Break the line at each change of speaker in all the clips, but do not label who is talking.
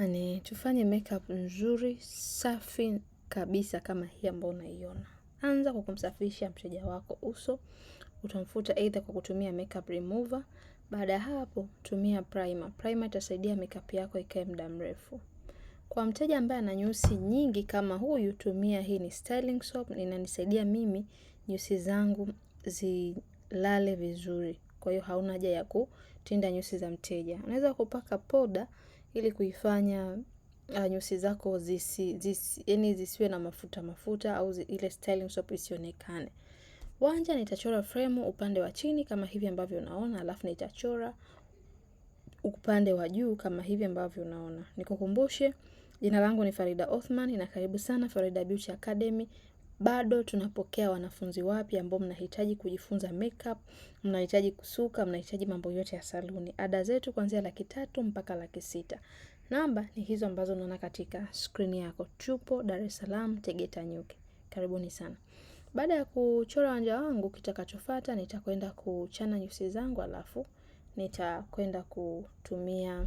Jamani, tufanye makeup nzuri safi kabisa kama hii ambayo unaiona. Anza kwa kumsafisha mteja wako uso, utamfuta either kwa kutumia makeup remover. Baada ya hapo, tumia primer. Primer itasaidia makeup yako ikae muda mrefu. Kwa mteja ambaye ana nyusi nyingi kama huyu, tumia hii ni styling soap, inanisaidia mimi nyusi zangu zilale vizuri. Kwa hiyo hauna haja ya kutinda nyusi za mteja. Unaweza kupaka poda ili kuifanya ah, nyusi zako zisi, zisi, yani zisiwe na mafuta mafuta au zi, ile styling shop isionekane. Wanja nitachora fremu upande wa chini kama hivi ambavyo unaona, alafu nitachora upande wa juu kama hivi ambavyo unaona. Nikukumbushe, jina langu ni Farida Othman na karibu sana Farida Beauty Academy. Bado tunapokea wanafunzi wapya ambao mnahitaji kujifunza makeup, mnahitaji kusuka, mnahitaji mambo yote ya saluni. Ada zetu kuanzia laki tatu mpaka laki sita. Namba ni hizo ambazo unaona katika skrini yako. Tupo Dar es Salaam, Tegeta Nyuki. Karibuni sana. Baada ya kuchora wanja wangu, kitakachofuata nitakwenda kuchana nyusi zangu, alafu nitakwenda kutumia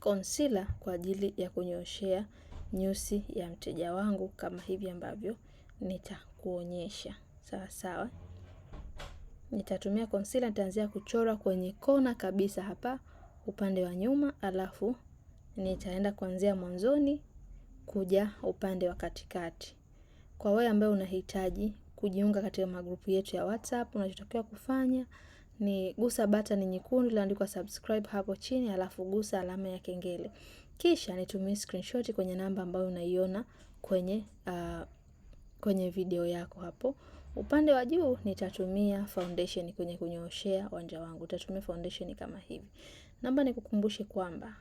concealer kwa ajili ya kunyoshea nyusi ya mteja wangu kama hivi ambavyo nitakuonyesha sawa sawa. Nitatumia concealer, nitaanzia kuchora kwenye kona kabisa hapa upande wa nyuma, alafu nitaenda kuanzia mwanzoni kuja upande wa katikati. Kwa wewe ambaye unahitaji kujiunga katika magrupu yetu ya WhatsApp, unachotakiwa kufanya ni gusa button nyekundu iliyoandikwa subscribe hapo chini, alafu gusa alama ya kengele, kisha nitumie screenshot kwenye namba ambayo unaiona kwenye uh, kwenye video yako hapo. Upande wa juu nitatumia foundation kwenye kunyooshea wanja wangu, utatumia foundation kama hivi. Naomba nikukumbushe kwamba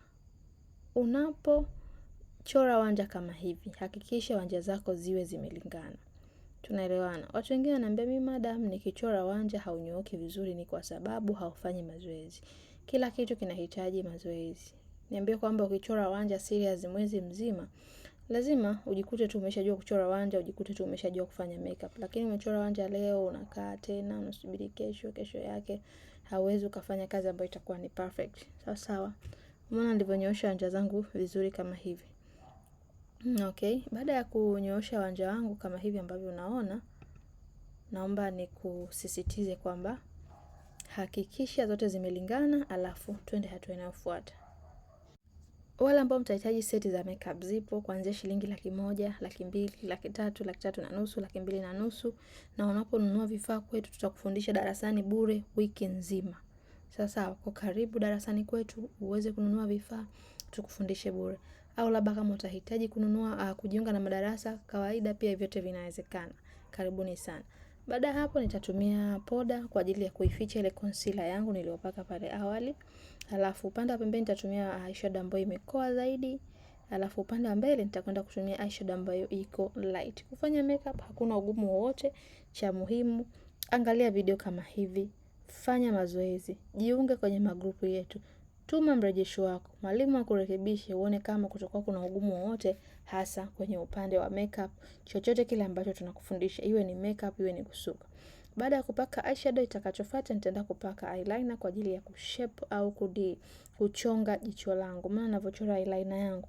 unapochora wanja kama hivi, hakikisha wanja zako ziwe zimelingana. Tunaelewana. Watu wengine wananiambia mimi, madam, nikichora wanja haunyooki vizuri, ni kwa sababu haufanyi mazoezi. Kila kitu kinahitaji mazoezi. Niambie kwamba ukichora wanja serious mwezi mzima lazima ujikute tu umeshajua kuchora wanja, ujikute tu umeshajua kufanya makeup. Lakini umechora wanja leo, unakaa tena unasubiri kesho, kesho yake, hauwezi ukafanya kazi ambayo itakuwa ni perfect. Sawa sawa, umeona nilivyonyoosha wanja zangu vizuri kama hivi. Mm, okay, baada ya kunyoosha wanja wangu kama hivi ambavyo unaona, naomba nikusisitize kwamba hakikisha zote zimelingana, alafu twende hatua inayofuata. Wale ambao mtahitaji seti za makeup zipo kuanzia shilingi laki moja, laki mbili, laki tatu, laki tatu na nusu, laki mbili na nusu. Na unaponunua vifaa kwetu, tutakufundisha darasani bure wiki nzima. Sasa kwa karibu darasani kwetu uweze kununua vifaa tukufundishe bure, au labda kama utahitaji kununua uh, kujiunga na madarasa kawaida, pia vyote vinawezekana. Karibuni sana. Baada ya hapo nitatumia poda kwa ajili ya kuificha ile concealer yangu niliyopaka pale awali. Alafu upande wa pembeni nitatumia eyeshadow ambayo imekoa zaidi. Alafu upande wa mbele nitakwenda kutumia eyeshadow ambayo iko light. Kufanya makeup hakuna ugumu wowote, cha muhimu angalia video kama hivi, fanya mazoezi, jiunge kwenye magrupu yetu. Tuma mrejesho wako, mwalimu akurekebishe, uone kama kutokuwa kuna ugumu wowote, hasa kwenye upande wa makeup. Chochote kile ambacho tunakufundisha, iwe ni makeup, iwe ni kusuka. Baada ya kupaka eyeshadow, itakachofuata nitaenda kupaka eyeliner kwa ajili ya kushape au kudi, kuchonga jicho langu, maana ninavyochora eyeliner yangu.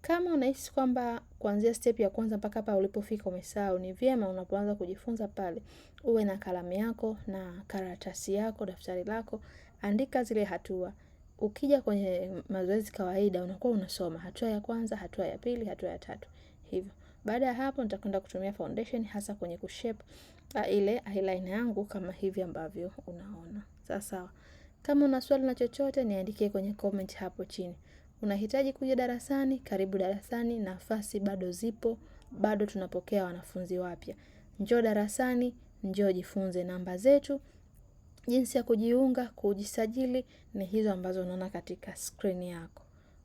Kama unahisi kwamba kuanzia step ya kwanza mpaka hapa ulipofika umesahau, ni vyema unapoanza kujifunza pale, uwe na kalamu yako na karatasi yako, daftari lako, andika zile hatua. Ukija kwenye mazoezi kawaida unakuwa unasoma hatua ya kwanza, hatua ya pili, hatua ya tatu. Hivyo. Baada ya hapo nitakwenda kutumia foundation hasa kwenye kushape ah, ile eyeliner yangu kama hivi ambavyo unaona. sasa. Kama una swali na chochote niandikie kwenye comment hapo chini. Unahitaji kuja darasani, karibu darasani, nafasi bado zipo, bado tunapokea wanafunzi wapya. Njoo darasani, njoo jifunze namba zetu. Jinsi ya kujiunga, kujisajili ni hizo ambazo unaona katika skrini yako.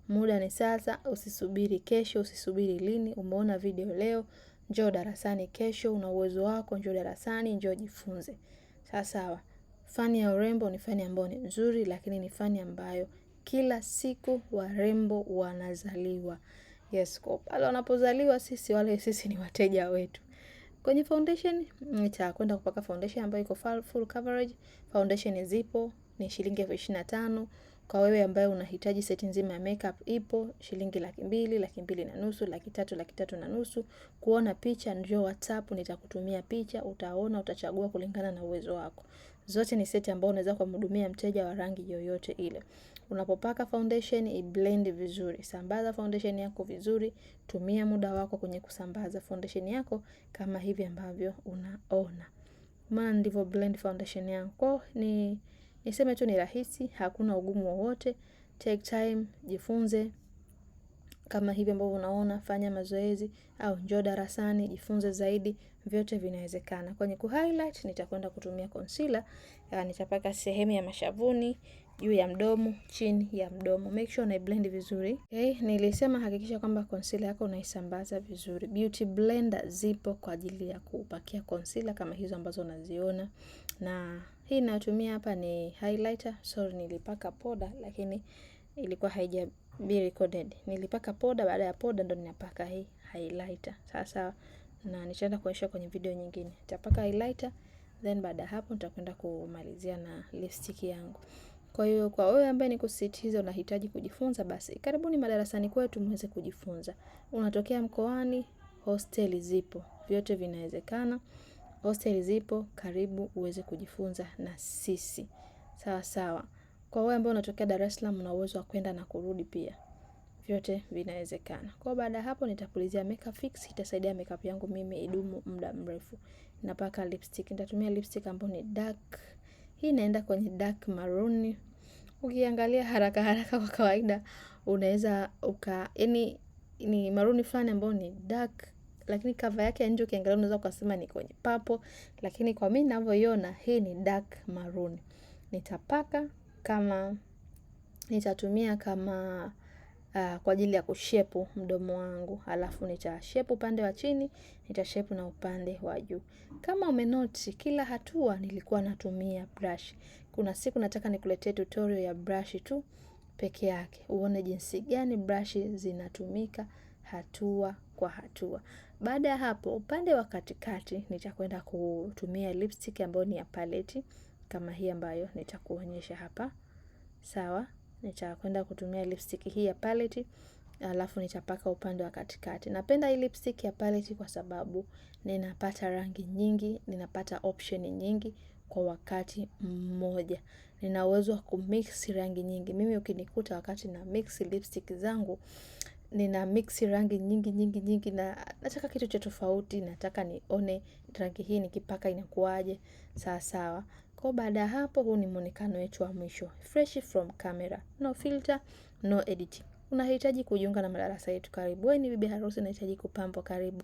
Muda ni sasa, usisubiri kesho, usisubiri lini. Umeona video leo, njoo darasani kesho. Una uwezo wako, njoo darasani, njoo jifunze. sawa, fani ya urembo ni fani ambayo ni nzuri, lakini ni fani ambayo kila siku warembo wanazaliwa. Yes, kwa pale wanapozaliwa sisi wale sisi ni wateja wetu. Kwenye foundation nitakwenda mm, kupaka foundation ambayo iko full coverage. Foundation zipo ni shilingi elfu ishirini na tano. Kwa wewe ambaye unahitaji seti nzima ya makeup ipo shilingi laki mbili, laki mbili na nusu, laki tatu, laki tatu na nusu. Kuona picha ndio WhatsApp, nitakutumia picha, utaona, utachagua kulingana na uwezo wako. Zote ni seti ambayo unaweza kumhudumia mteja wa rangi yoyote ile. Unapopaka foundation iblend vizuri, sambaza foundation yako vizuri, tumia muda wako kwenye kusambaza foundation yako kama hivi ambavyo unaona. Maana ndivyo blend foundation yako. Kwa ni niseme tu ni rahisi, hakuna ugumu wowote. Take time, jifunze kama hivi ambavyo unaona, fanya mazoezi au njoo darasani, jifunze zaidi, vyote vinawezekana. Kwenye ku highlight nitakwenda kutumia concealer, ah, nitapaka sehemu ya mashavuni juu ya mdomo, chini ya mdomo. Make sure una blend vizuri. Okay, nilisema hakikisha kwamba concealer yako unaisambaza vizuri. Beauty blender zipo kwa ajili ya kupakia concealer kama hizo ambazo unaziona. Na hii inayotumia hapa ni highlighter. Sorry, nilipaka poda lakini ilikuwa haija be recorded. Nilipaka poda, baada ya poda ndo ninapaka hii highlighter. Sasa na nitaenda kuonyesha kwenye video nyingine. Nitapaka highlighter then baada hapo nitakwenda kumalizia na lipstick yangu. Kwa hiyo kwa wewe ambaye nikusisitiza unahitaji kujifunza, basi karibuni madarasani kwetu muweze kujifunza. Unatokea mkoani, hosteli zipo, vyote vinawezekana. Hosteli zipo, karibu uweze kujifunza na sisi. Sawa sawa. Kwa wewe ambaye unatokea Dar es Salaam una uwezo wa kwenda na kurudi pia. Vyote vinawezekana. Kwa baada ya hapo nitapulizia makeup fix, itasaidia makeup yangu mimi idumu muda mrefu. Napaka lipstick, nitatumia lipstick ambayo ni dark. Hii inaenda kwenye dark maroon ukiangalia haraka haraka kwa kawaida unaweza uka yani ni maruni fulani ambayo ni dark lakini kava yake ya nje ukiangalia unaweza ukasema ni kwenye papo, lakini kwa mimi ninavyoiona hii ni dark maruni Nitapaka kama nitatumia kama uh, kwa ajili ya kushepu mdomo wangu, alafu nitashepu upande wa chini, nitashepu na upande wa juu. Kama umenoti, kila hatua nilikuwa natumia brush. Kuna siku nataka nikuletee tutorial ya brush tu peke yake, uone jinsi gani brush zinatumika hatua kwa hatua. Baada ya hapo, upande wa katikati nitakwenda kutumia lipstick ambayo ni ya paleti kama hii ambayo nitakuonyesha hapa, sawa nitakwenda kutumia lipstick hii ya palette alafu nitapaka upande wa katikati. Napenda hii lipstick ya palette kwa sababu ninapata rangi nyingi, ninapata option nyingi kwa wakati mmoja. Nina uwezo wa kumix rangi nyingi. Mimi ukinikuta wakati na mix lipstick zangu, nina mix rangi nyingi nyingi nyingi na nataka kitu cha tofauti, nataka nione rangi hii nikipaka inakuwaje, sawa sawa. Kwa baada ya hapo, huu ni muonekano wetu wa mwisho, fresh from camera, no filter, no editing. Unahitaji kujiunga na madarasa yetu, karibu. Wewe ni bibi harusi, unahitaji kupambwa, karibu.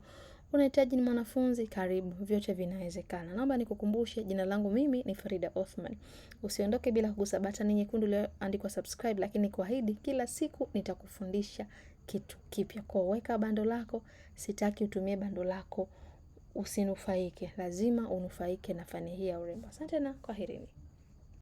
Unahitaji ni mwanafunzi, karibu. Vyote vinawezekana. Naomba nikukumbushe, jina langu mimi ni Farida Othman. Usiondoke bila kugusa batani nyekundu iliyoandikwa subscribe, lakini kuahidi kila siku nitakufundisha kitu kipya. Kwa weka bando lako, sitaki utumie bando lako usinufaike, lazima unufaike na fani hii ya urembo. Asante na kwaherini.